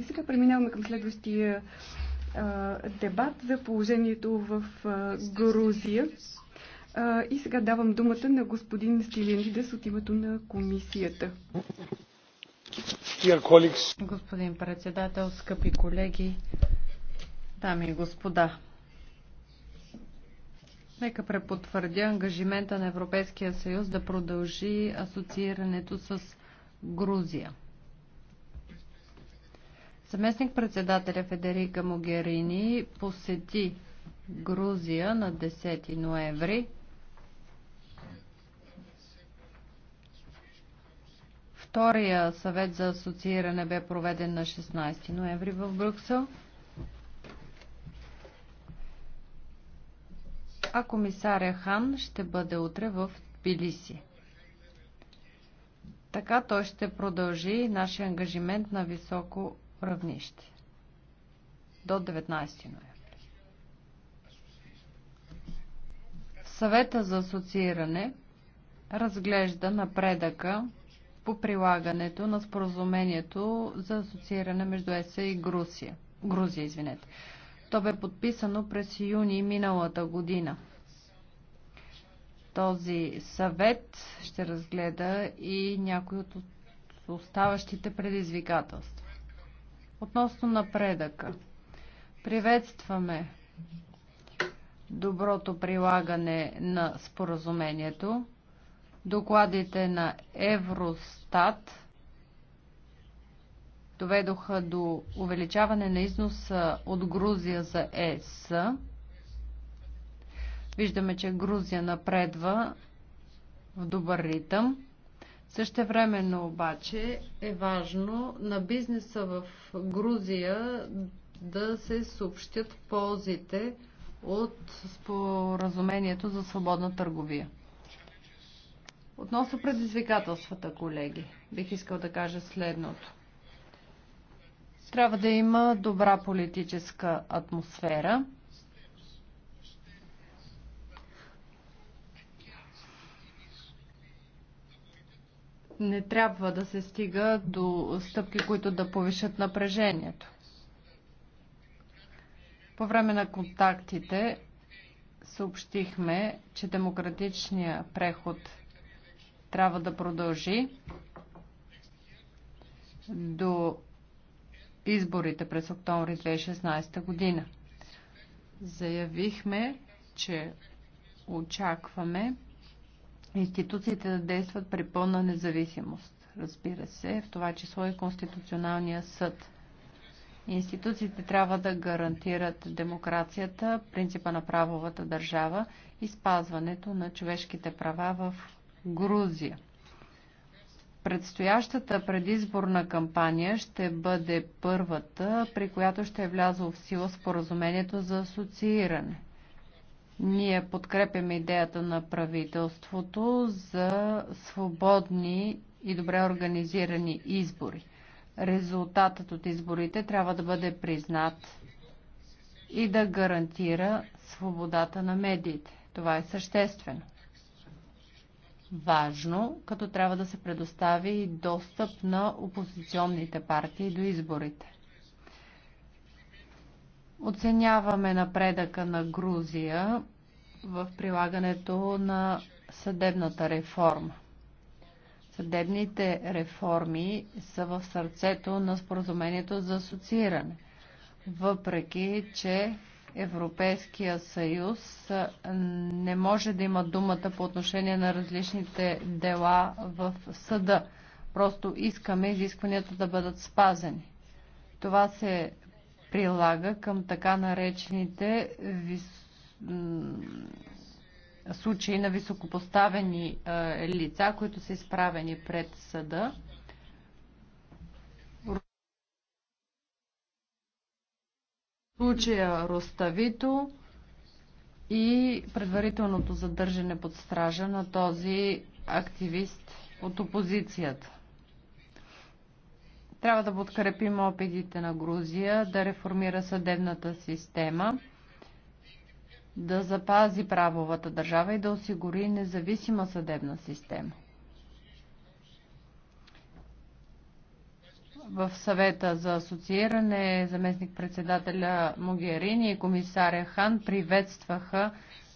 И сега преминаваме към следващия а, дебат за положението в а, Грузия. А, и сега давам думата на господин Стилендидес от името на комисията. Господин председател, скъпи колеги, дами и господа, Нека препотвърдя ангажимента на Европейския съюз да продължи асоциирането с Грузия. Заместник председателя Федерика Могерини посети Грузия на 10 ноември. Втория съвет за асоцииране бе проведен на 16 ноември в Брюксел. А комисаря Хан ще бъде утре в Тбилиси. Така той ще продължи нашия ангажимент на високо равнище до 19 ноември. Съвета за асоцииране разглежда напредъка по прилагането на споразумението за асоцииране между ЕСА и Грузия. Грузия, извинете. То бе подписано през юни миналата година. Този съвет ще разгледа и някои от оставащите предизвикателства. Относно напредъка. Приветстваме доброто прилагане на споразумението, докладите на Евростат доведоха до увеличаване на износа от Грузия за ЕС. Виждаме, че Грузия напредва в добър ритъм. Същевременно обаче е важно на бизнеса в Грузия да се съобщят ползите от споразумението за свободна търговия. Относно предизвикателствата, колеги, бих искал да кажа следното. Трябва да има добра политическа атмосфера. не трябва да се стига до стъпки, които да повишат напрежението. По време на контактите съобщихме, че демократичният преход трябва да продължи до изборите през октомври 2016 година. Заявихме, че очакваме институциите да действат при пълна независимост, разбира се, в това число и Конституционалния съд. Институциите трябва да гарантират демокрацията, принципа на правовата държава и спазването на човешките права в Грузия. Предстоящата предизборна кампания ще бъде първата, при която ще е влязло в сила споразумението за асоцииране. Ние подкрепяме идеята на правителството за свободни и добре организирани избори. Резултатът от изборите трябва да бъде признат и да гарантира свободата на медиите. Това е съществено. Важно, като трябва да се предостави и достъп на опозиционните партии до изборите. Оценяваме напредъка на Грузия в прилагането на съдебната реформа. Съдебните реформи са в сърцето на споразумението за асоцииране, въпреки че Европейския съюз не може да има думата по отношение на различните дела в съда. Просто искаме изискванията да бъдат спазени. Това се прилага към така наречените вис... случаи на високопоставени лица, които са изправени пред съда. Случая Роставито и предварителното задържане под стража на този активист от опозицията. Трябва да подкрепим опитите на Грузия да реформира съдебната система, да запази правовата държава и да осигури независима съдебна система. в съвета за асоцииране заместник-председателя Могерини и комисаря Хан приветстваха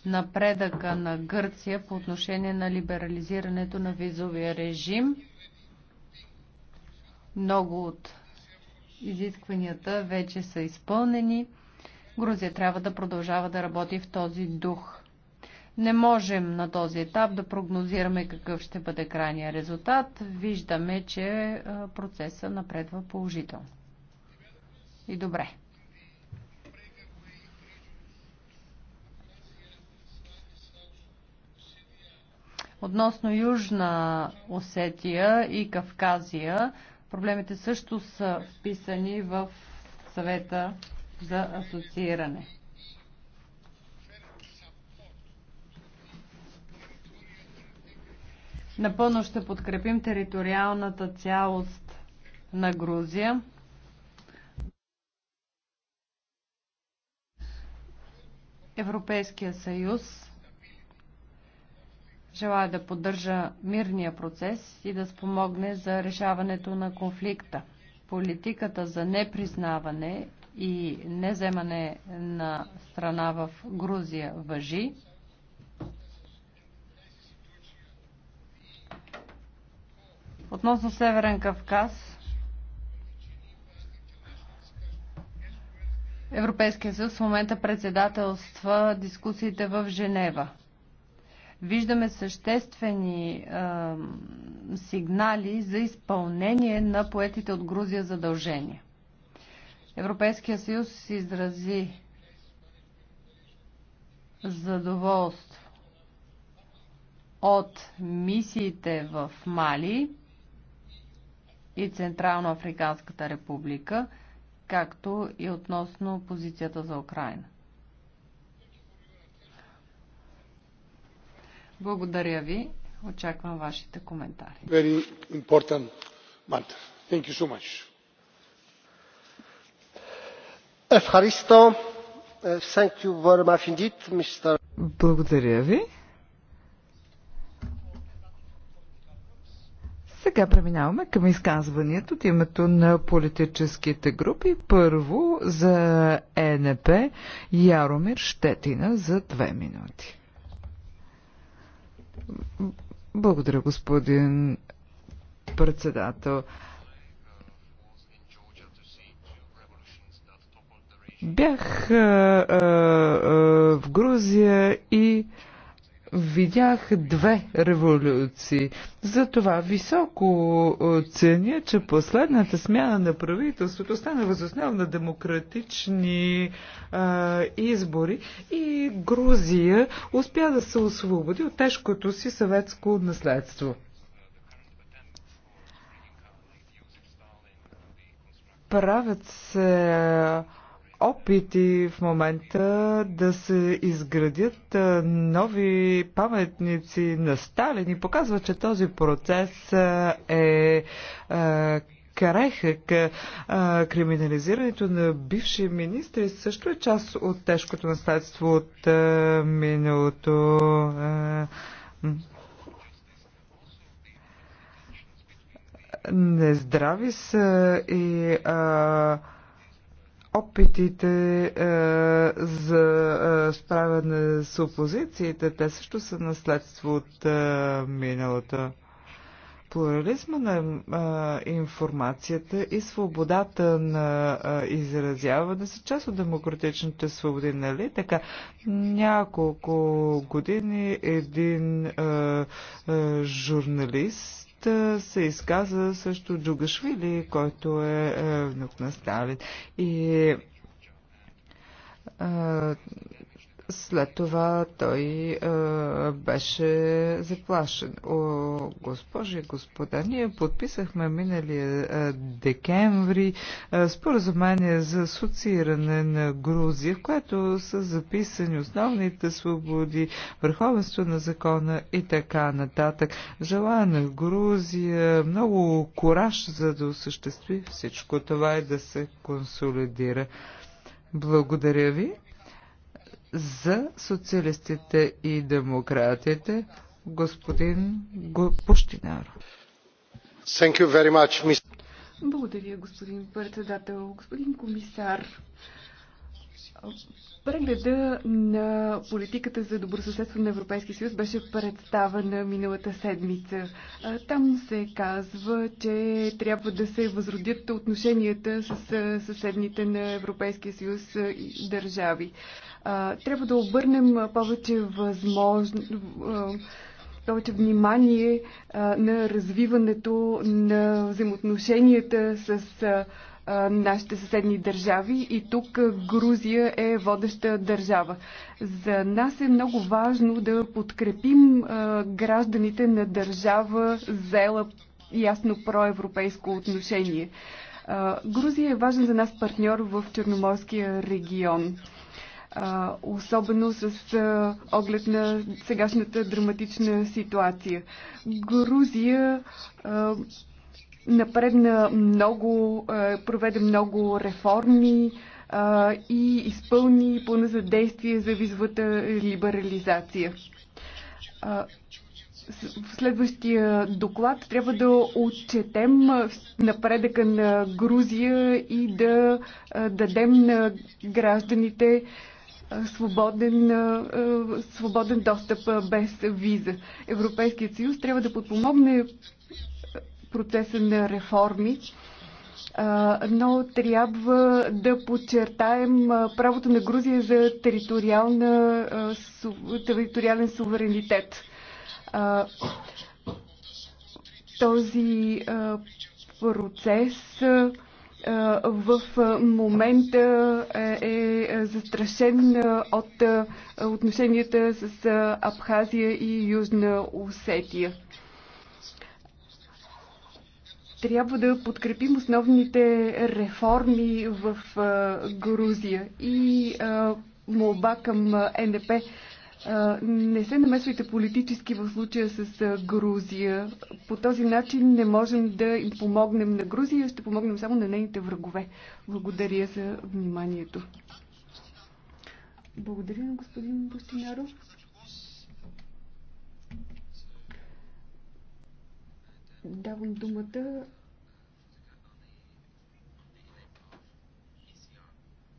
напредъка на Гърция по отношение на либерализирането на визовия режим. Много от изискванията вече са изпълнени. Грузия трябва да продължава да работи в този дух. Не можем на този етап да прогнозираме какъв ще бъде крайния резултат. Виждаме, че е, процеса напредва положително. И добре. Относно Южна Осетия и Кавказия, Проблемите също са вписани в съвета за асоцииране. Напълно ще подкрепим териториалната цялост на Грузия. Европейския съюз желая да поддържа мирния процес и да спомогне за решаването на конфликта. Политиката за непризнаване и неземане на страна в Грузия въжи. Относно Северен Кавказ, Европейския съюз в момента председателства дискусиите в Женева. Виждаме съществени е, сигнали за изпълнение на поетите от Грузия задължения. Европейския съюз изрази задоволство от мисиите в Мали и Централно Африканската република, както и относно позицията за Украина. Благодаря ви. Очаквам вашите коментари. Very important matter. Thank you so much. Евхаристо, eh, thank you very much indeed, Mr. Благодаря ви. Сега преминаваме към изказванията от името на политическите групи. Първо за ЕНП Яромир Щетина за две минути. Благодаря, господин председател. Бях а, а, а, в Грузия и видях две революции. Затова високо е, ценя, че последната смяна на правителството стана възоснова на демократични а, е, избори и Грузия успя да се освободи от тежкото си съветско наследство. Правят се е, опити в момента да се изградят нови паметници на Сталин и показва, че този процес е крехък. криминализирането на бивши министри също е част от тежкото наследство от миналото. Нездрави са и а, опитите е, за е, справяне с опозицията, те също са наследство от е, миналата. Плурализма на е, информацията и свободата на е, изразяване са част от демократичните свободи, нали? Така, няколко години един е, е, журналист се изказа също Джугашвили, който е, е внук на Сталин. И след това той а, е, беше заплашен. О, госпожи и господа, ние подписахме миналия е, декември е, споразумение за асоцииране на Грузия, в което са записани основните свободи, върховенство на закона и така нататък. Желая на Грузия много кораж, за да осъществи всичко това и да се консолидира. Благодаря ви. За социалистите и демократите господин Пущинар. Much, Благодаря, господин председател, господин комисар. Прегледа на политиката за добросъседство на Европейския съюз беше представена миналата седмица. Там се казва, че трябва да се възродят отношенията с съседните на Европейския съюз държави. Трябва да обърнем повече възможно, повече внимание на развиването на взаимоотношенията с нашите съседни държави и тук Грузия е водеща държава. За нас е много важно да подкрепим гражданите на държава, взела ясно проевропейско отношение. Грузия е важен за нас партньор в Черноморския регион а, особено с а, оглед на сегашната драматична ситуация. Грузия а, напредна много, а, проведе много реформи а, и изпълни плана за действие за визвата либерализация. А, в следващия доклад трябва да отчетем напредъка на Грузия и да дадем на гражданите свободен, свободен достъп без виза. Европейският съюз трябва да подпомогне процеса на реформи, но трябва да подчертаем правото на Грузия за териториална, териториален суверенитет. Този процес в момента е, е застрашен е, от е, отношенията с Абхазия и Южна Осетия. Трябва да подкрепим основните реформи в Грузия и молба към НДП не се намесвайте политически в случая с Грузия. По този начин не можем да им помогнем на Грузия, ще помогнем само на нейните врагове. Благодаря за вниманието. Благодаря на господин Бостинаров. Давам думата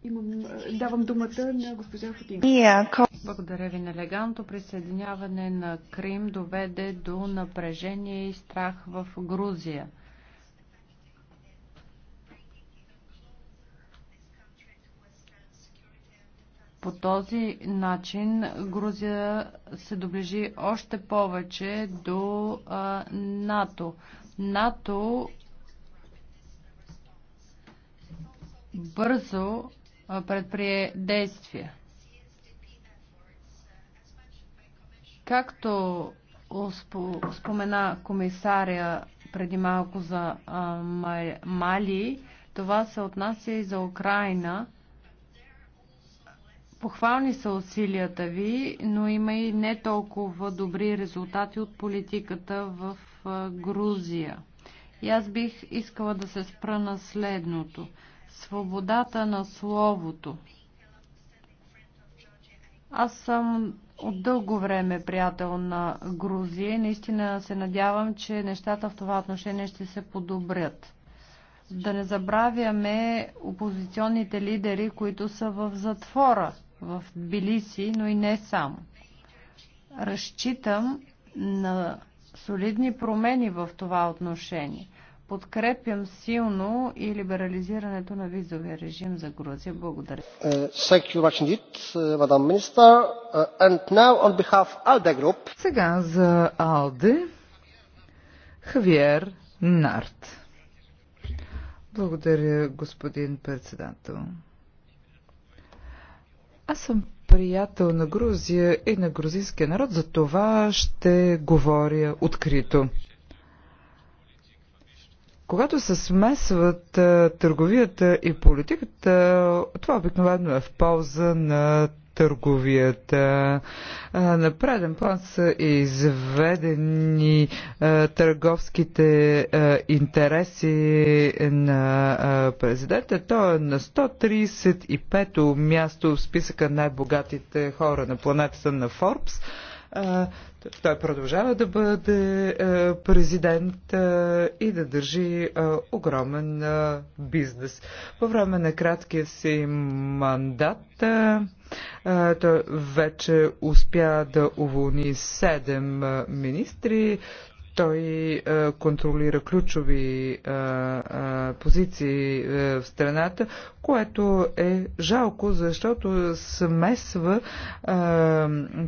Имам, давам думата на госпожа Фотинга. Благодаря ви. Нелегантно присъединяване на Крим доведе до напрежение и страх в Грузия. По този начин Грузия се доближи още повече до а, НАТО. НАТО бързо предприе действия. Както спомена комисаря преди малко за Мали, това се отнася и за Украина. Похвални са усилията ви, но има и не толкова добри резултати от политиката в Грузия. И аз бих искала да се спра на следното свободата на словото. Аз съм от дълго време приятел на Грузия и наистина се надявам, че нещата в това отношение ще се подобрят. Да не забравяме опозиционните лидери, които са в затвора в Тбилиси, но и не само. Разчитам на солидни промени в това отношение. Подкрепям силно и либерализирането на визовия режим за Грузия. Благодаря. Сега за АЛДЕ Хавиер Нарт. Благодаря, господин председател. Аз съм приятел на Грузия и на грузинския народ, за това ще говоря открито. Когато се смесват търговията и политиката, това обикновено е в полза на търговията. На преден план са изведени търговските интереси на президента. Той е на 135-то място в списъка най-богатите хора на планетата на Форбс. Той продължава да бъде президент и да държи огромен бизнес. По време на краткия си мандат той вече успя да уволни 7 министри. Той е, контролира ключови е, е, позиции в страната, което е жалко, защото смесва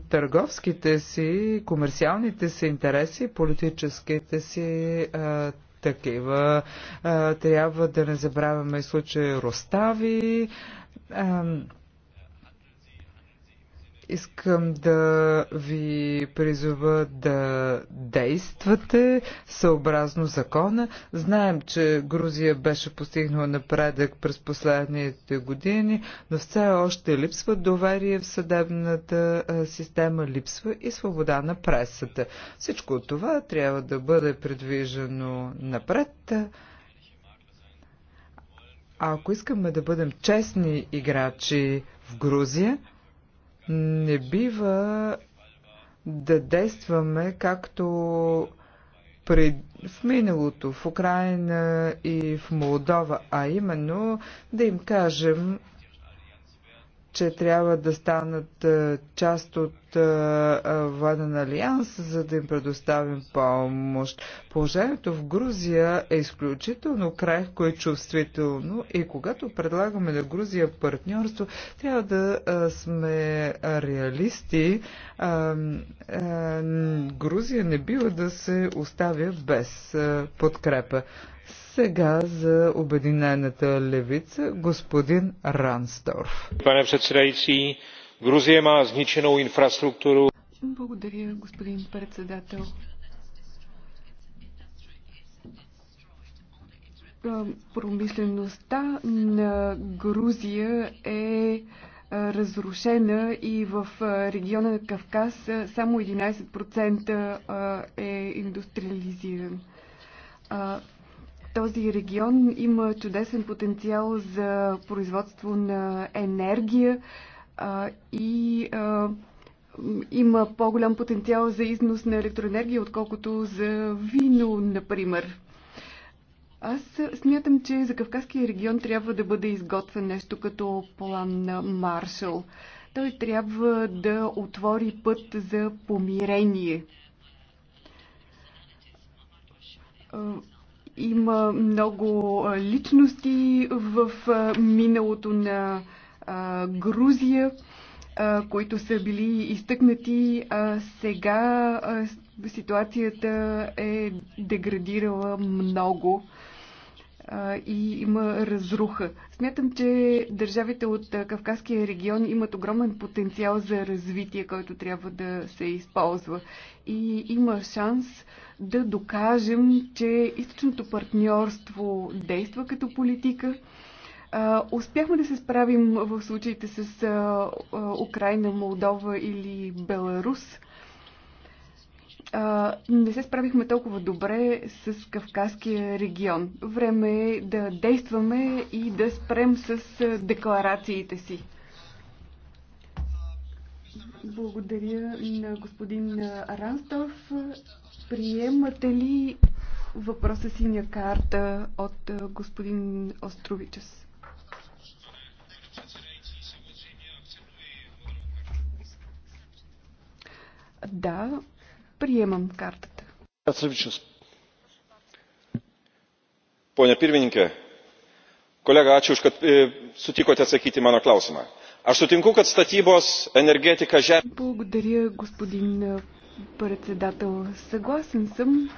търговските си, комерциалните си интереси, политическите си такива. Трябва да не забравяме случая Ростави Искам да ви призова да действате съобразно закона. Знаем, че Грузия беше постигнала напредък през последните години, но все още липсва доверие в съдебната система, липсва и свобода на пресата. Всичко това трябва да бъде предвижено напред. ако искаме да бъдем честни играчи в Грузия, не бива да действаме както пред, в миналото, в Украина и в Молдова, а именно да им кажем че трябва да станат е, част от е, е, Военен алианс, за да им предоставим помощ. Положението в Грузия е изключително крехко и чувствително и когато предлагаме на Грузия партньорство, трябва да сме реалисти. Грузия не бива да се оставя без подкрепа. Сега за Обединената левица господин Рансдорф. Пане председající, Грузия има зничена инфраструктура. Благодаря, господин председател. Промишлеността на Грузия е разрушена и в региона на Кавказ само 11% е индустриализиран. Този регион има чудесен потенциал за производство на енергия а, и а, има по-голям потенциал за износ на електроенергия, отколкото за вино, например. Аз смятам, че за Кавказския регион трябва да бъде изготвен нещо като план на Маршал. Той трябва да отвори път за помирение има много личности в миналото на Грузия, които са били изтъкнати, а сега ситуацията е деградирала много и има разруха. Смятам, че държавите от Кавказския регион имат огромен потенциал за развитие, който трябва да се използва. И има шанс да докажем, че източното партньорство действа като политика. Успяхме да се справим в случаите с Украина, Молдова или Беларус а, не се справихме толкова добре с Кавказския регион. Време е да действаме и да спрем с декларациите си. Благодаря на господин Ранстов. Приемате ли въпроса синя карта от господин Островичес? Да, Приемам картата. Pone pirmininkė, kolega, ačiū už, kad sutikote atsakyti mano klausimą. Aš sutinku, kad statybos, енергетика, žemė. Благодаря, господин председател. Съгласен съм,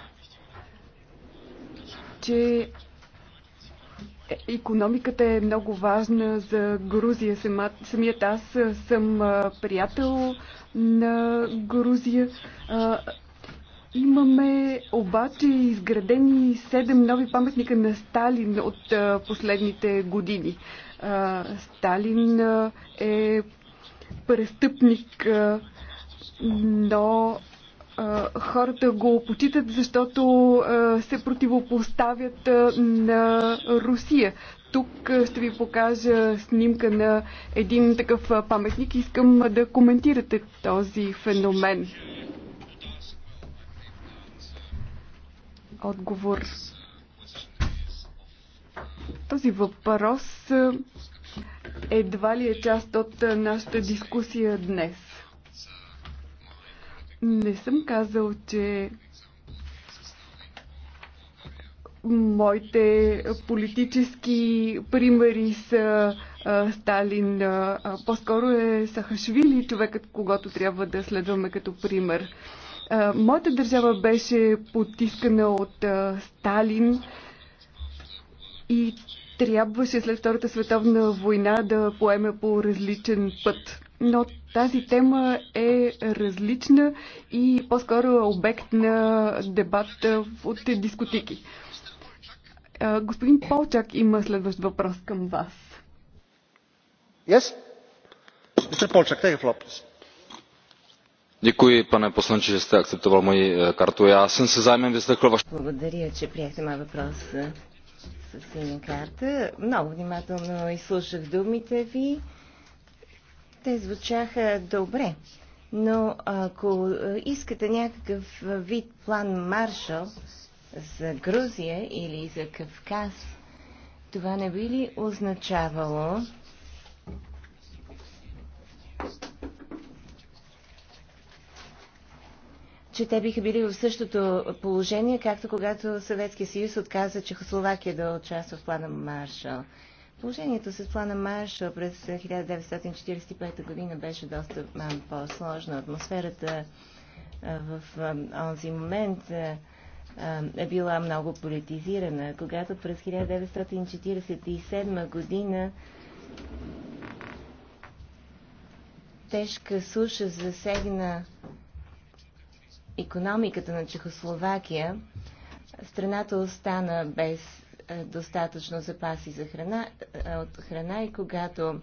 че Економиката е много важна за Грузия. Сама, самият аз съм приятел на Грузия. Имаме обаче изградени седем нови паметника на Сталин от последните години. Сталин е престъпник, но хората го опочитат, защото се противопоставят на Русия. Тук ще ви покажа снимка на един такъв паметник. Искам да коментирате този феномен. Отговор. Този въпрос едва ли е част от нашата дискусия днес. Не съм казал, че моите политически примери са а, Сталин. А, по-скоро е Сахашвили, човекът, когато трябва да следваме като пример. А, моята държава беше потискана от а, Сталин и трябваше след Втората световна война да поеме по различен път но тази тема е различна и по-скоро е обект на дебат от дискотики. Господин Полчак има следващ въпрос към вас. Yes? Mr. Polchak, take a floor, please. Děkuji, pane poslanče, že jste akceptoval moji eh, kartu. Já jsem se zájmem vyslechl vaš... Благодаря, че приехте мой въпрос е, с синя карта. Много внимателно изслушах думите ви те звучаха добре, но ако е, искате някакъв е, вид план Маршал за Грузия или за Кавказ, това не би ли означавало, че те биха били в същото положение, както когато Съветския съюз отказа Чехословакия да участва в плана Маршал. Положението с плана Марша през 1945 година беше доста по-сложно. Атмосферата в онзи момент е била много политизирана. Когато през 1947 година тежка суша засегна економиката на Чехословакия, страната остана без е, достатъчно запаси за храна, е, от храна и когато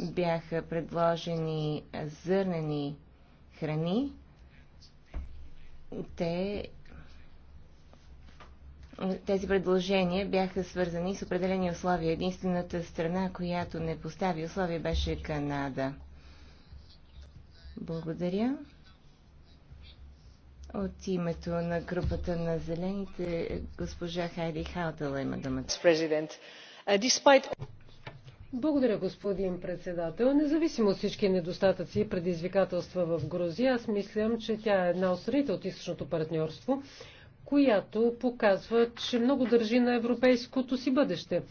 бяха предложени зърнени храни, те тези предложения бяха свързани с определени условия. Единствената страна, която не постави условия, беше Канада. Благодаря. От името на групата на зелените, госпожа Хайри Хаутала има думата. Uh, Благодаря, господин председател. Независимо от всички недостатъци и предизвикателства в Грузия, аз мислям, че тя е една от страните от източното партньорство, която показва, че много държи на европейското си бъдеще.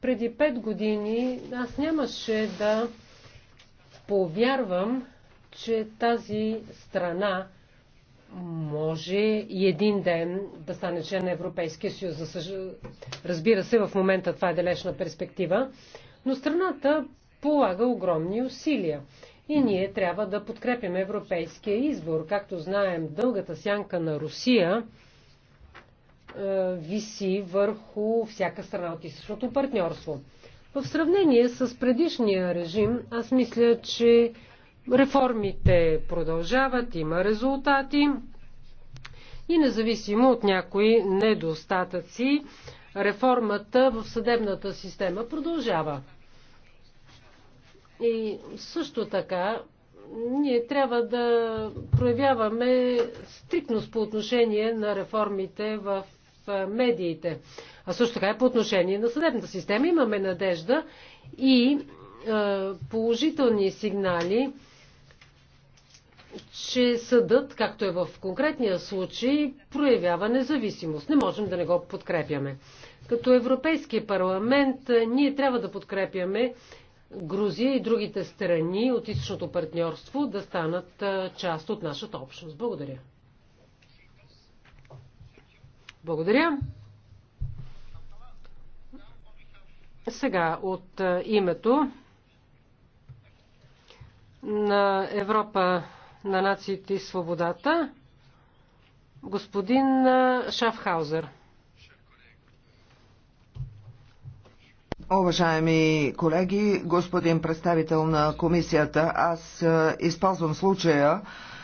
Преди пет години аз нямаше да повярвам, че тази страна може и един ден да стане член на Европейския съюз. Разбира се, в момента това е далечна перспектива, но страната полага огромни усилия. И ние трябва да подкрепим европейския избор. Както знаем, дългата сянка на Русия е, виси върху всяка страна от източното партньорство. В сравнение с предишния режим, аз мисля, че Реформите продължават, има резултати и независимо от някои недостатъци, реформата в съдебната система продължава. И също така ние трябва да проявяваме стрикност по отношение на реформите в медиите. А също така и по отношение на съдебната система имаме надежда и положителни сигнали че съдът, както е в конкретния случай, проявява независимост. Не можем да не го подкрепяме. Като Европейски парламент ние трябва да подкрепяме Грузия и другите страни от източното партньорство да станат част от нашата общност. Благодаря. Благодаря. Сега от името на Европа на нациите и свободата, господин Шафхаузер. Уважаеми колеги, господин представител на комисията, аз използвам случая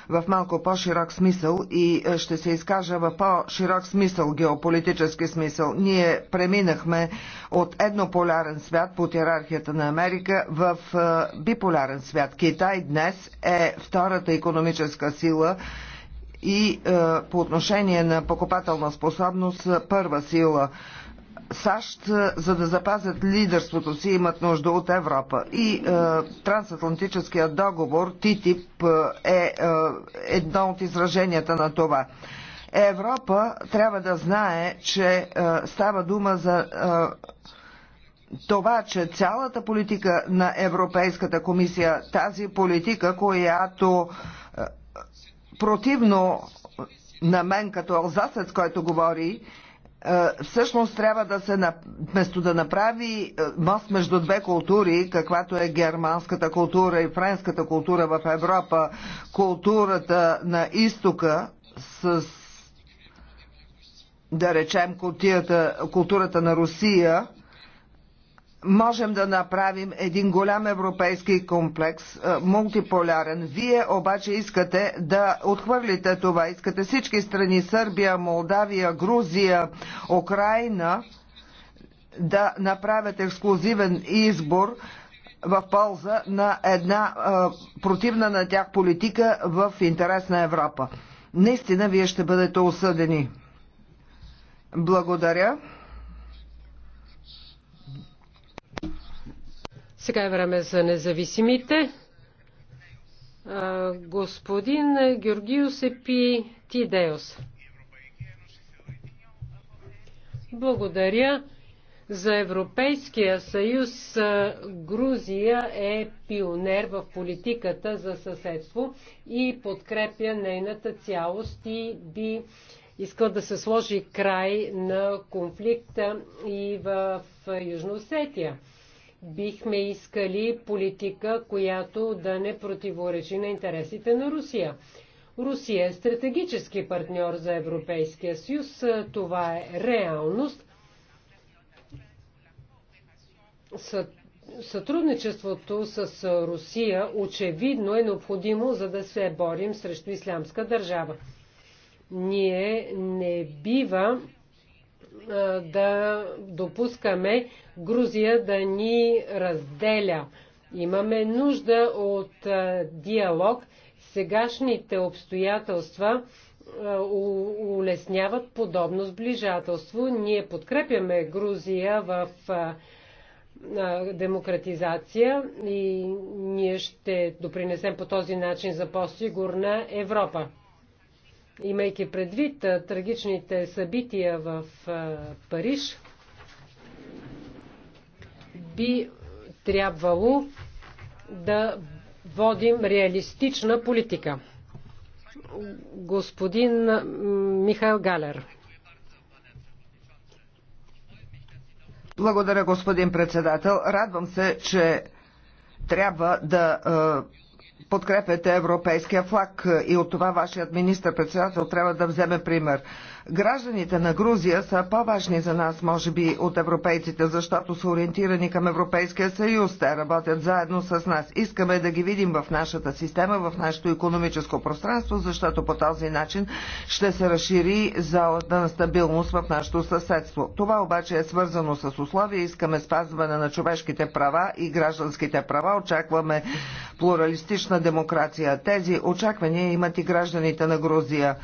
в малко по-широк смисъл и е, ще се изкажа в по-широк смисъл, геополитически смисъл. Ние преминахме от еднополярен свят под иерархията на Америка в е, биполярен свят. Китай днес е втората економическа сила и е, по отношение на покупателна способност първа сила. САЩ, е, за да запазят лидерството си, имат нужда от Европа. И е, трансатлантическият договор ТИТИП е, е едно от израженията на това. Европа трябва да знае, че е, става дума за. Е, това, че цялата политика на Европейската комисия, тази политика, която е, противно на мен като алзасец, който говори, е, всъщност трябва да се, вместо да направи е, мост между две култури, каквато е германската култура и френската култура в Европа, културата на изтока с да речем културата на Русия можем да направим един голям европейски комплекс, е, мултиполярен. Вие обаче искате да отхвърлите това. Искате всички страни Сърбия, Молдавия, Грузия, Украина да направят ексклюзивен избор в полза на една а, е, противна на тях политика в интерес на Европа. Наистина вие ще бъдете осъдени. Благодаря. Сега е време за независимите. Господин Георгиус Епи Тидеос. Благодаря. За Европейския съюз Грузия е пионер в политиката за съседство и подкрепя нейната цялост и би искал да се сложи край на конфликта и в Южно Осетия. Бихме искали политика, която да не противоречи на интересите на Русия. Русия е стратегически партньор за Европейския съюз. Е, това е реалност. Сътрудничеството с Русия очевидно е необходимо, за да се борим срещу ислямска държава. Ние не бива да допускаме Грузия да ни разделя. Имаме нужда от диалог. Сегашните обстоятелства улесняват подобно сближателство. Ние подкрепяме Грузия в демократизация и ние ще допринесем по този начин за по-сигурна Европа имайки предвид трагичните събития в Париж, би трябвало да водим реалистична политика. Господин Михаил Галер. Благодаря, господин председател. Радвам се, че трябва да подкрепяте европейския флаг и от това вашият министър председател трябва да вземе пример. Гражданите на Грузия са по-важни за нас, може би, от европейците, защото са ориентирани към Европейския съюз. Те работят заедно с нас. Искаме да ги видим в нашата система, в нашето економическо пространство, защото по този начин ще се разшири залата на стабилност в нашето съседство. Това обаче е свързано с условия. Искаме спазване на човешките права и гражданските права. Очакваме плуралистична демокрация. Тези очаквания имат и гражданите на Грузия.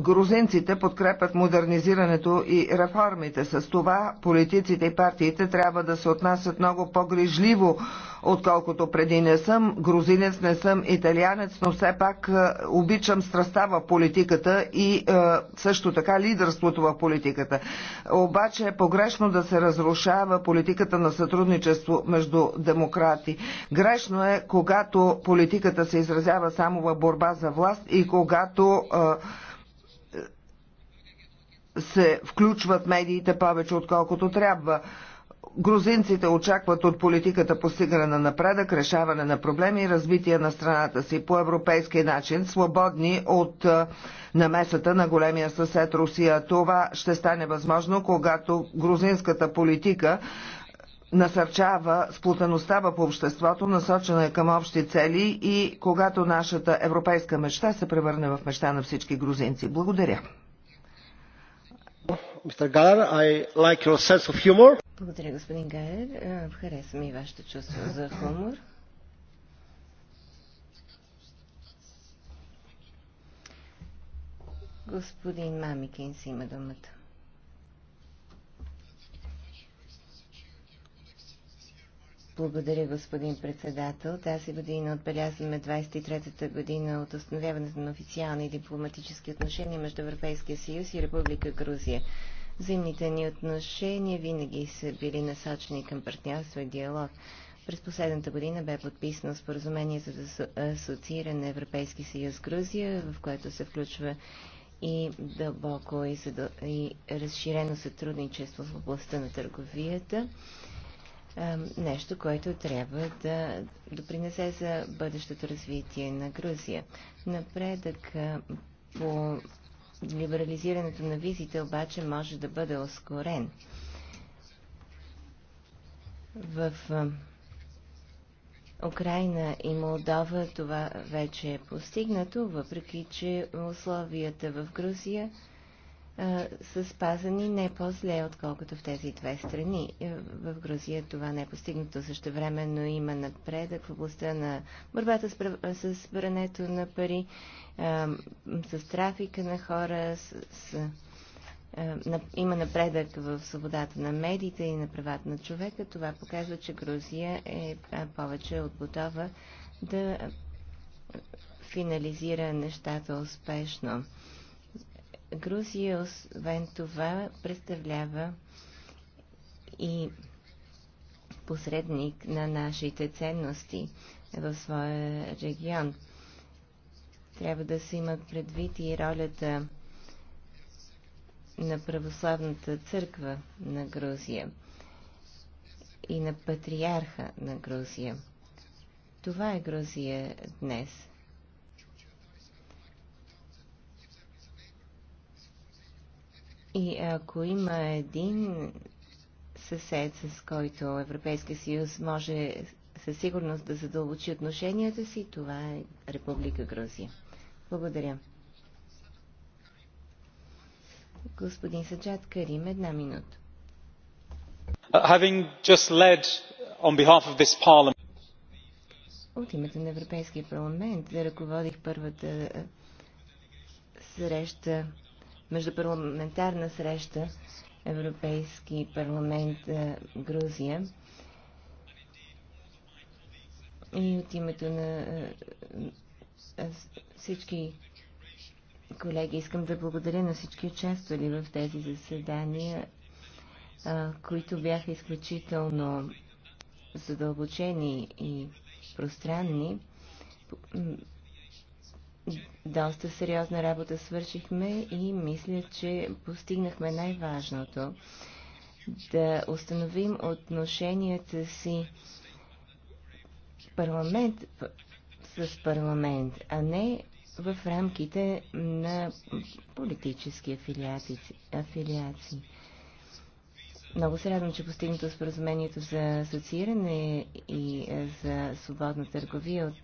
Грузинците подкрепят модернизирането и реформите. С това политиците и партиите трябва да се отнасят много по-грижливо, отколкото преди. Не съм грузинец, не съм италианец, но все пак е, обичам страста в политиката и е, също така лидерството в политиката. Обаче е погрешно да се разрушава политиката на сътрудничество между демократи. Грешно е, когато политиката се изразява само в борба за власт и когато е, се включват медиите повече отколкото трябва. Грузинците очакват от политиката постигане на напредък, решаване на проблеми и развитие на страната си по европейски начин, свободни от намесата на големия съсед Русия. Това ще стане възможно, когато грузинската политика насърчава сплутаността в обществото, насочена е към общи цели и когато нашата европейска мечта се превърне в мечта на всички грузинци. Благодаря. Like Благодаря, господин Галер. Е, Хареса ми вашето чувство за хумор. Господин Мамикин си има думата. Благодаря, господин председател. Тази година отбелязваме 23-та година от установяването на официални дипломатически отношения между Европейския съюз и Република Грузия. Взаимните ни отношения винаги са били насочени към партньорство и диалог. През последната година бе подписано споразумение за асоцииране Европейски съюз Грузия, в което се включва и дълбоко и, задъл... и разширено сътрудничество в областта на търговията нещо, което трябва да допринесе за бъдещото развитие на Грузия. Напредък по либерализирането на визите обаче може да бъде ускорен. В Украина и Молдова това вече е постигнато, въпреки че условията в Грузия са спазани не по-зле, отколкото в тези две страни. Е, в Грузия това не е постигнато също време, но има напредък в областта на борбата с, прав... с на пари, с трафика на хора, с, с, има напредък в свободата на медиите и на правата на човека. Това показва, че Грузия е повече от готова да финализира нещата успешно. Грузия, освен това, представлява и посредник на нашите ценности в своя регион. Трябва да се имат предвид и ролята на Православната църква на Грузия и на Патриарха на Грузия. Това е Грузия днес. И ако има един съсед, с който Европейския съюз може със сигурност да задълбочи отношенията си, това е Република Грузия. Благодаря. Господин Саджат Карим, една минута. От името на Европейския парламент да ръководих първата среща междупарламентарна среща Европейски парламент е, Грузия. И от името на е, е, всички колеги искам да благодаря на всички участвали в тези заседания, които бяха изключително задълбочени и пространни доста сериозна работа свършихме и мисля, че постигнахме най-важното да установим отношенията си парламент с парламент, а не в рамките на политически афилиации. Много се радвам, че постигнато споразумението за асоцииране и е, за свободна търговия от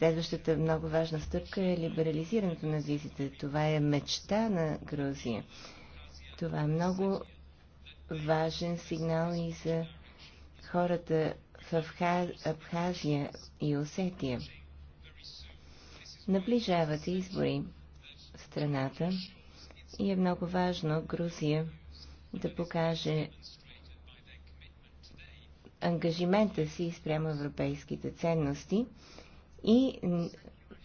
Следващата много важна стъпка е либерализирането на визите. Това е мечта на Грузия. Това е много важен сигнал и за хората в Абхазия и Осетия. Наближават избори в страната и е много важно Грузия да покаже ангажимента си спрямо европейските ценности и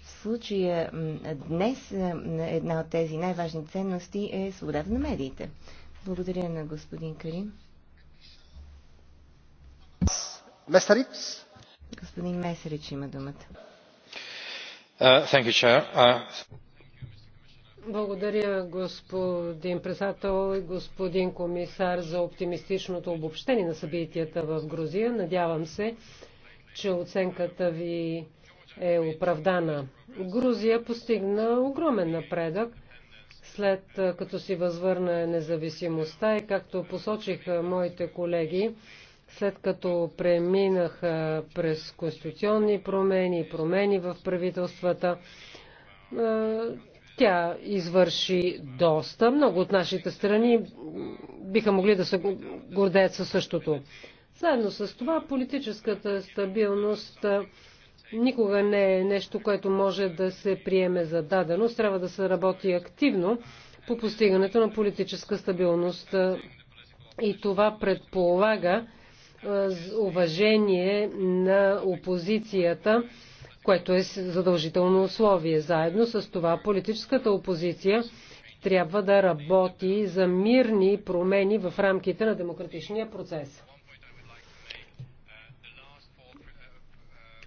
в случая днес една от тези най-важни ценности е свободата на медиите. Благодаря на господин Карим. Господин Месарич има думата. Uh, uh, Благодаря, господин председател и господин комисар, за оптимистичното обобщение на събитията в Грузия. Надявам се, че оценката ви е оправдана. Грузия постигна огромен напредък след като си възвърна независимостта и както посочиха моите колеги, след като преминаха през конституционни промени, промени в правителствата, тя извърши доста. Много от нашите страни биха могли да се гордеят със същото. Заедно с това политическата стабилност никога не е нещо, което може да се приеме за даденост. Трябва да се работи активно по постигането на политическа стабилност. И това предполага уважение на опозицията, което е задължително условие. Заедно с това политическата опозиция трябва да работи за мирни промени в рамките на демократичния процес.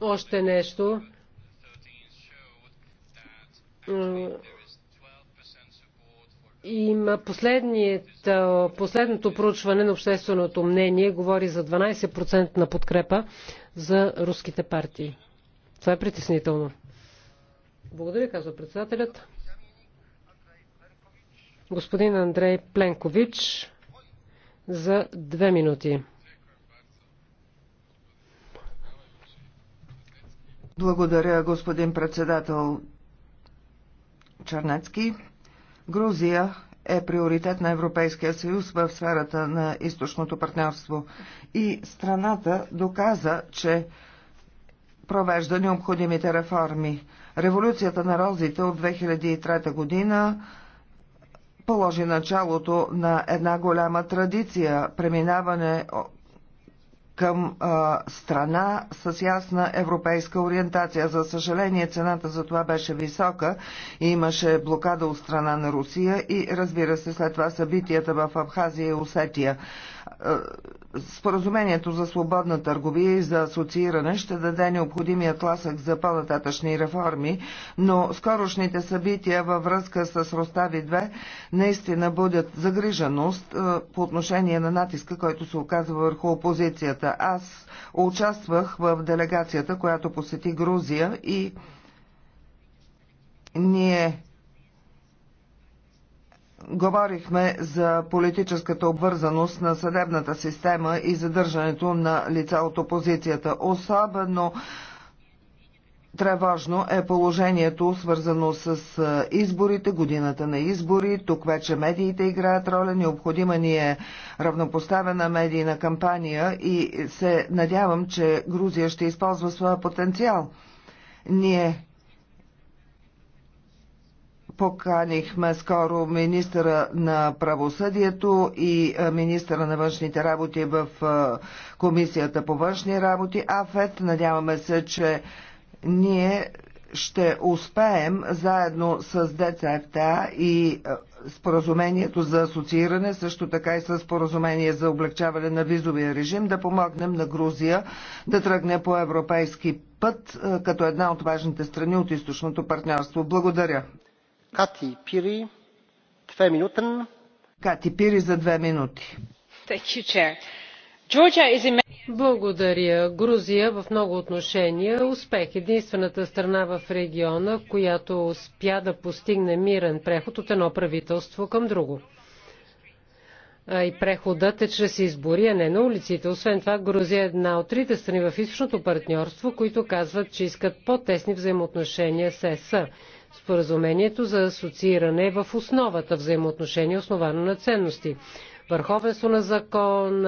Още нещо. Има последното проучване на общественото мнение говори за 12% на подкрепа за руските партии. Това е притеснително. Благодаря, казва председателят. Господин Андрей Пленкович за две минути. Благодаря, господин председател Чернецки. Грузия е приоритет на Европейския съюз в сферата на източното партньорство и страната доказа, че провежда необходимите реформи. Революцията на розите от 2003 година положи началото на една голяма традиция – преминаване към а, страна с ясна европейска ориентация. За съжаление, цената за това беше висока. Имаше блокада от страна на Русия и, разбира се, след това събитията в Абхазия и Осетия. Е, споразумението за свободна търговия и за асоцииране ще даде необходимия тласък за по-нататъчни реформи, но скорошните събития във връзка с Ростави 2 наистина будят загриженост е, по отношение на натиска, който се оказва върху опозицията. Аз участвах в делегацията, която посети Грузия и ние Говорихме за политическата обвързаност на съдебната система и задържането на лица от опозицията. Особено Тревожно е положението, свързано с изборите, годината на избори. Тук вече медиите играят роля. Необходима ни е равнопоставена медийна кампания и се надявам, че Грузия ще използва своя потенциал. Ние Поканихме скоро министра на правосъдието и министъра на външните работи в Комисията по външни работи АФЕТ. Надяваме се, че ние ще успеем заедно с ДЦФТА и споразумението за асоцииране, също така и с споразумение за облегчаване на визовия режим, да помогнем на Грузия да тръгне по европейски път като една от важните страни от източното партньорство. Благодаря. Кати Пири, две минутен. Кати Пири за две минути. Благодаря. Грузия в много отношения успех. Единствената страна в региона, която успя да постигне мирен преход от едно правителство към друго и преходът е чрез избори, а не на улиците. Освен това, Грузия е една от трите страни в източното партньорство, които казват, че искат по-тесни взаимоотношения с ЕСА. Споразумението за асоцииране е в основата взаимоотношение, основано на ценности. Върховенство на закон,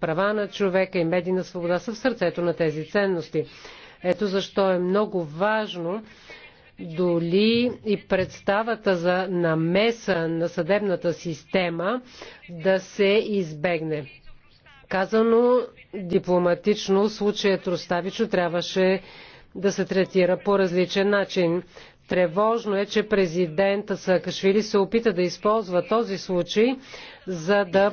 права на човека и медийна свобода са в сърцето на тези ценности. Ето защо е много важно доли и представата за намеса на съдебната система да се избегне. Казано дипломатично, случаят Роставичо трябваше да се третира по различен начин. Тревожно е, че президента Саакашвили се опита да използва този случай, за да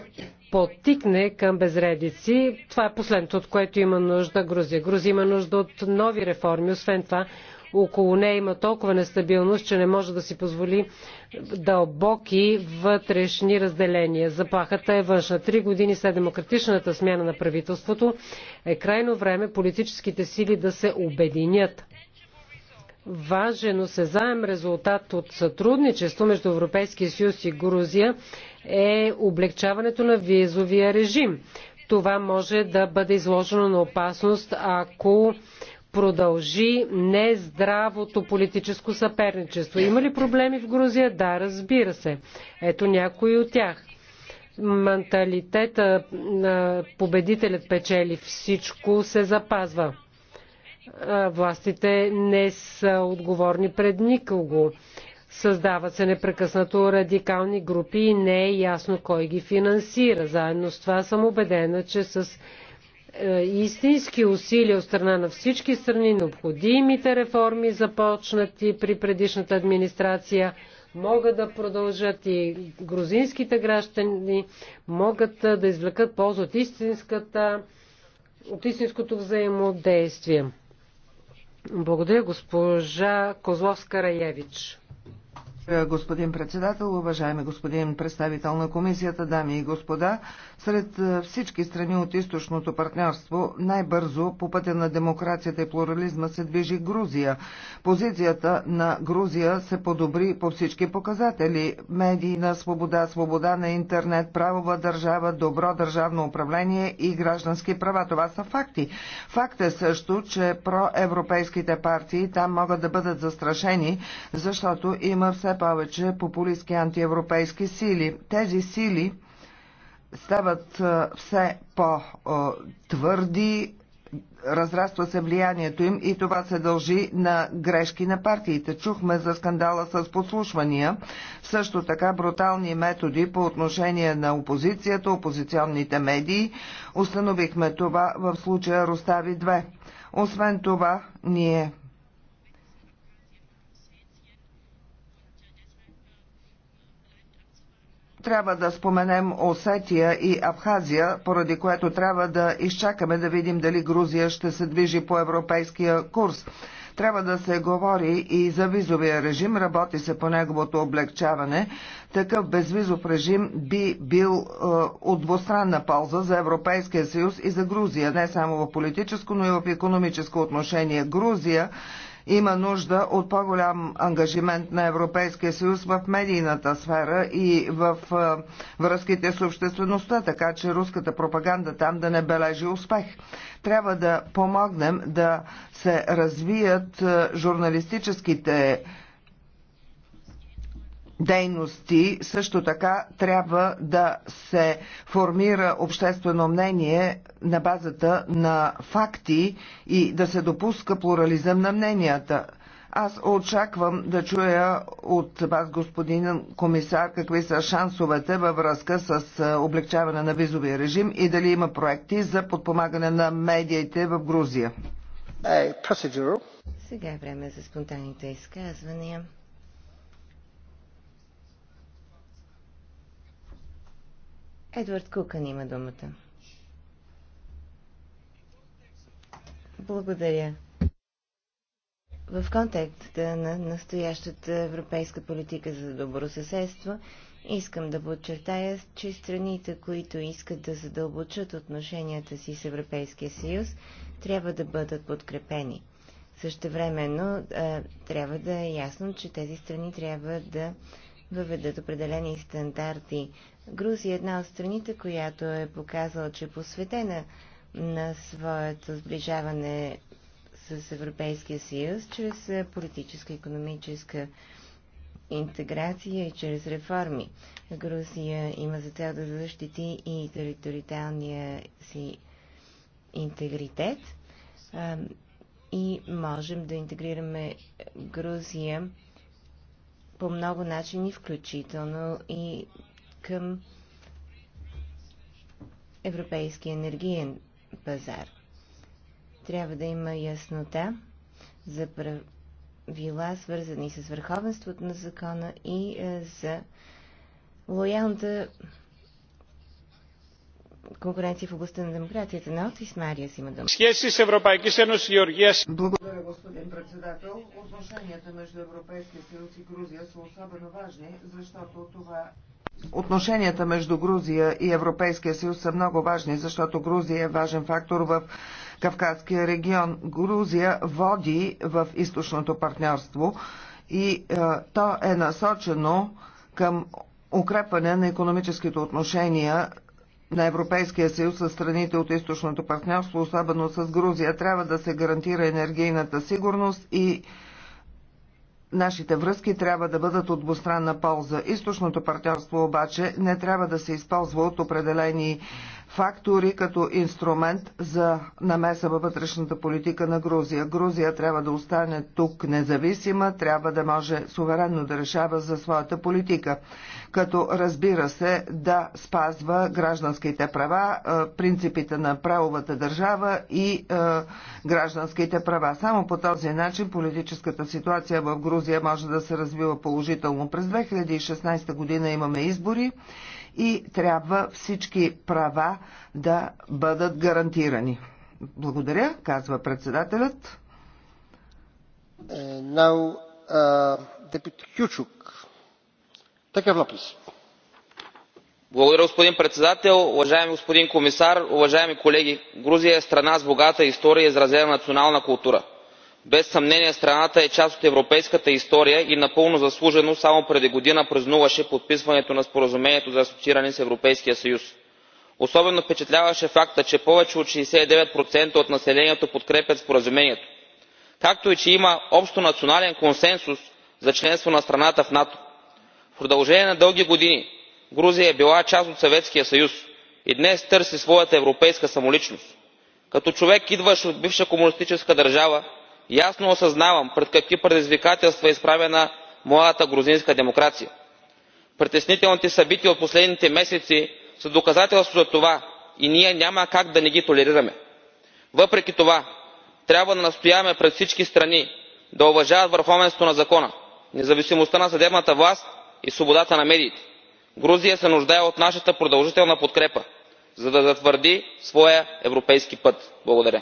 потикне към безредици. Това е последното, от което има нужда Грузия. Грузия има нужда от нови реформи. Освен това, около нея има толкова нестабилност, че не може да си позволи дълбоки вътрешни разделения. Заплахата е външна. Три години след демократичната смяна на правителството е крайно време политическите сили да се обединят важен осезаем резултат от сътрудничество между Европейския съюз и Грузия е облегчаването на визовия режим. Това може да бъде изложено на опасност, ако продължи нездравото политическо съперничество. Има ли проблеми в Грузия? Да, разбира се. Ето някои от тях. Менталитета на победителят печели всичко се запазва. Властите не са отговорни пред никого. Създават се непрекъснато радикални групи и не е ясно кой ги финансира. Заедно с това съм убедена, че с е, истински усилия от страна на всички страни, необходимите реформи, започнати при предишната администрация, могат да продължат и грузинските граждани могат е, да извлекат полза от, от истинското взаимодействие. Благодаря, госпожа Козловска Раевич. Е, господин председател, уважаеми господин представител на комисията, дами и господа. Сред е, всички страни от източното партньорство най-бързо по пътя на демокрацията и плурализма се движи Грузия. Позицията на Грузия се подобри по всички показатели. Медийна свобода, свобода на интернет, правова държава, добро държавно управление и граждански права. Това са факти. Факт е също, че проевропейските партии там могат да бъдат застрашени, защото има все повече популистски антиевропейски сили. Тези сили стават все по-твърди, разраства се влиянието им и това се дължи на грешки на партиите. Чухме за скандала с подслушвания, също така брутални методи по отношение на опозицията, опозиционните медии. Установихме това в случая Ростави 2. Освен това, ние трябва да споменем Осетия и Абхазия, поради което трябва да изчакаме да видим дали Грузия ще се движи по европейския курс. Трябва да се говори и за визовия режим, работи се по неговото облегчаване. Такъв безвизов режим би бил е, от двустранна полза за Европейския съюз и за Грузия, не само в политическо, но и в економическо отношение. Грузия има нужда от по-голям ангажимент на Европейския съюз в медийната сфера и в връзките с обществеността, така че руската пропаганда там да не бележи успех. Трябва да помогнем да се развият журналистическите дейности, също така трябва да се формира обществено мнение на базата на факти и да се допуска плурализъм на мненията. Аз очаквам да чуя от вас, господин комисар, какви са шансовете във връзка с облегчаване на визовия режим и дали има проекти за подпомагане на медиите в Грузия. Е, Сега е време за спонтанните изказвания. Едвард Кукън има думата. Благодаря. В контекста на настоящата европейска политика за добросъседство, искам да подчертая, че страните, които искат да задълбочат отношенията си с Европейския съюз, трябва да бъдат подкрепени. Същевременно трябва да е ясно, че тези страни трябва да въведат определени стандарти. Грузия е една от страните, която е показала, че е посветена на своето сближаване с Европейския съюз чрез политическа и економическа интеграция и чрез реформи. Грузия има за цел да защити и териториалния си интегритет и можем да интегрираме Грузия по много начини, включително и към Европейския енергиен пазар. Трябва да има яснота за правила, свързани с върховенството на закона и е, за лоялната конкуренция в областта на демокрацията. На Отис Мария си има дума. Благодаря, господин председател. Отношенията между Европейския съюз и Грузия са особено важни, защото това Отношенията между Грузия и Европейския съюз са много важни, защото Грузия е важен фактор в Кавказския регион. Грузия води в източното партньорство и е, то е насочено към укрепване на економическите отношения на Европейския съюз с страните от източното партньорство, особено с Грузия. Трябва да се гарантира енергийната сигурност и Нашите връзки трябва да бъдат от двустранна полза. Източното партньорство обаче не трябва да се използва от определени фактори като инструмент за намеса във вътрешната политика на Грузия. Грузия трябва да остане тук независима, трябва да може суверенно да решава за своята политика, като разбира се да спазва гражданските права, е, принципите на правовата държава и е, гражданските права. Само по този начин политическата ситуация в Грузия може да се развива положително. През 2016 година имаме избори и трябва всички права да бъдат гарантирани. Благодаря, казва председателят. Е, now, uh, Такъв въпрос. Благодаря, господин председател. Уважаеми господин комисар, уважаеми колеги, Грузия е страна с богата история и е изразена национална култура без съмнение страната е част от европейската история и напълно заслужено само преди година празнуваше подписването на споразумението за асоцииране с европейския съюз. особено впечатляващ е фактът че повече от шестдесет и девет процента от населението подкрепят споразумението както и че има общонационален консенсус за членство на страната в нато. в продължение на дълги години грузия е била част от съветския съюз и днес търси своята европейска самоличност. като човек идващ от бивша комунистическа държава ясно осъзнавам пред какви предизвикателства е изправена младата грузинска демокрация. притеснителните събития от последните месеци са доказателство за това и ние няма как да не ги толерираме. въпреки това трябва да настояваме пред всички страни да уважават върховенството на закона независимостта на съдебната власт и свободата на медиите. грузия се нуждае от нашата продължителна подкрепа за да затвърди своя европейски път. благодаря.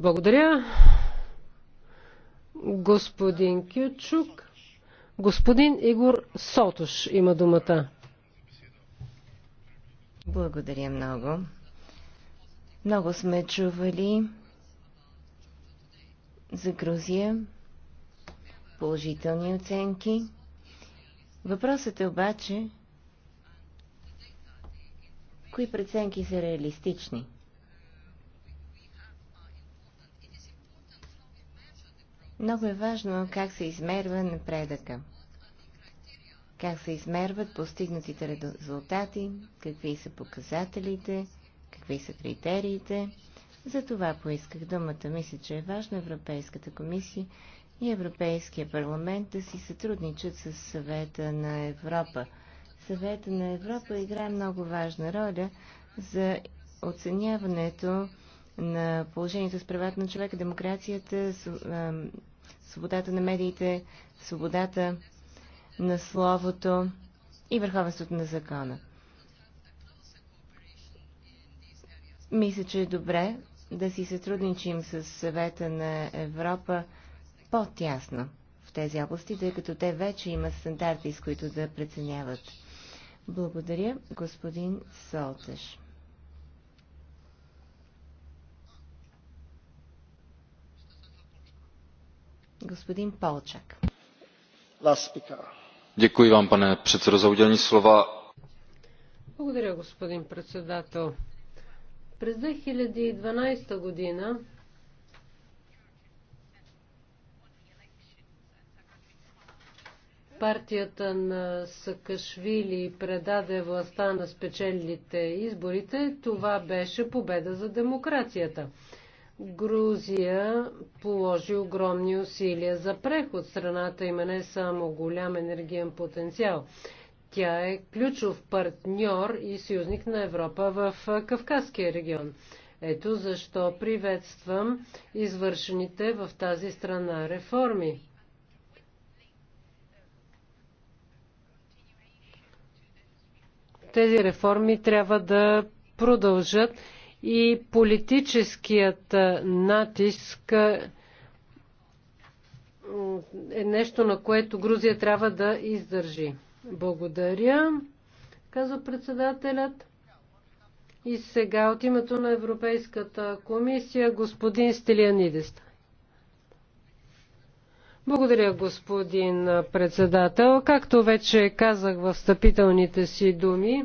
Благодаря. Господин Кючук. Господин Игор Сотош има думата. Благодаря много. Много сме чували за Грузия положителни оценки. Въпросът е обаче Кои преценки са реалистични? Много е важно как се измерва напредъка, как се измерват постигнатите резултати, какви са показателите, какви са критериите. За това поисках думата. Мисля, че е важно Европейската комисия и Европейския парламент да си сътрудничат с съвета на Европа – съвета на Европа играе много важна роля за оценяването на положението с правата на човека, демокрацията, свободата на медиите, свободата на словото и върховенството на закона. Мисля, че е добре да си сътрудничим с съвета на Европа по-тясно в тези области, тъй като те вече имат стандарти, с които да преценяват благодаря, господин Солтеш. Господин Полчак. Děkuji vám, pane předsedo, za udělení slova. Благодаря, господин председател. През 2012 година партията на Сакашвили предаде властта на спечелите изборите, това беше победа за демокрацията. Грузия положи огромни усилия за преход. Страната има не само голям енергиен потенциал. Тя е ключов партньор и съюзник на Европа в Кавказския регион. Ето защо приветствам извършените в тази страна реформи. Тези реформи трябва да продължат и политическият натиск е нещо, на което Грузия трябва да издържи. Благодаря, казва председателят. И сега от името на Европейската комисия господин Стилианидис. Благодаря, господин председател. Както вече казах в стъпителните си думи,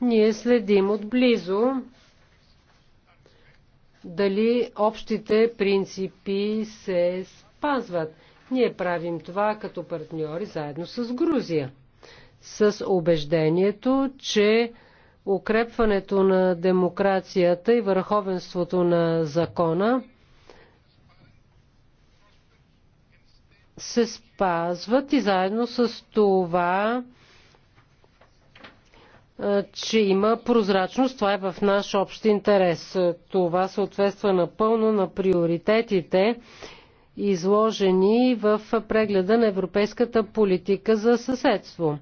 ние следим отблизо дали общите принципи се спазват. Ние правим това като партньори заедно с Грузия, с убеждението, че укрепването на демокрацията и върховенството на закона – се спазват и заедно с това, че има прозрачност. Това е в наш общ интерес. Това съответства напълно на приоритетите, изложени в прегледа на европейската политика за съседство.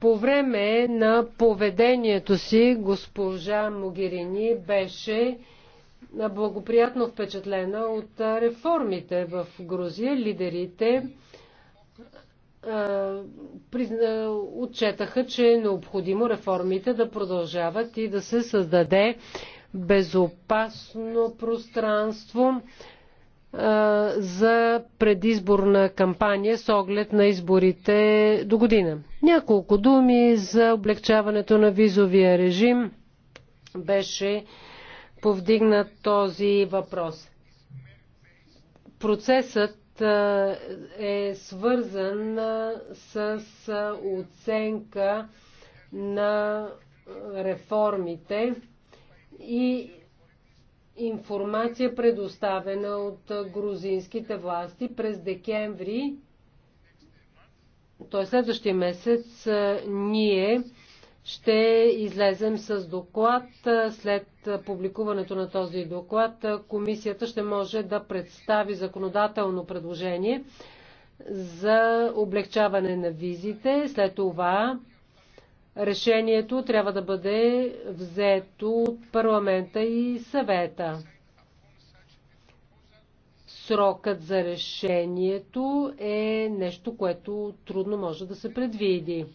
По време на поведението си госпожа Могерини беше благоприятно впечатлена от реформите в Грузия. Лидерите отчетаха, че е необходимо реформите да продължават и да се създаде безопасно пространство за предизборна кампания с оглед на изборите до година. Няколко думи за облегчаването на визовия режим беше повдигна този въпрос. Процесът е свързан с оценка на реформите и информация предоставена от грузинските власти през декември, т.е. следващия месец, ние ще излезем с доклад. След публикуването на този доклад комисията ще може да представи законодателно предложение за облегчаване на визите. След това решението трябва да бъде взето от парламента и съвета. Срокът за решението е нещо, което трудно може да се предвиди.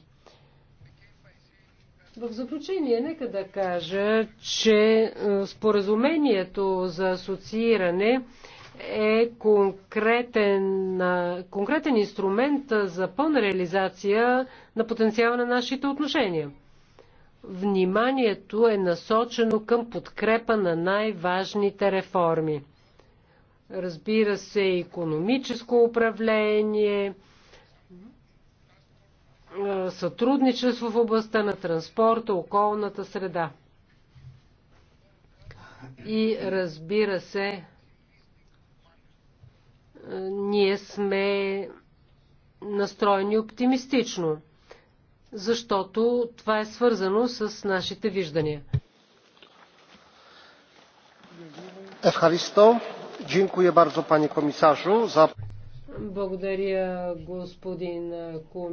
В заключение, нека да кажа, че е, споразумението за асоцииране е конкретен, е, конкретен инструмент за пълна реализация на потенциала на нашите отношения. Вниманието е насочено към подкрепа на най-важните реформи. Разбира се, економическо управление, сътрудничество в областта на транспорта, околната среда. И разбира се, ние сме настроени оптимистично, защото това е свързано с нашите виждания. Евхаристо, dziękuję bardzo пани комисажу, за... Благодаря, господин комисар.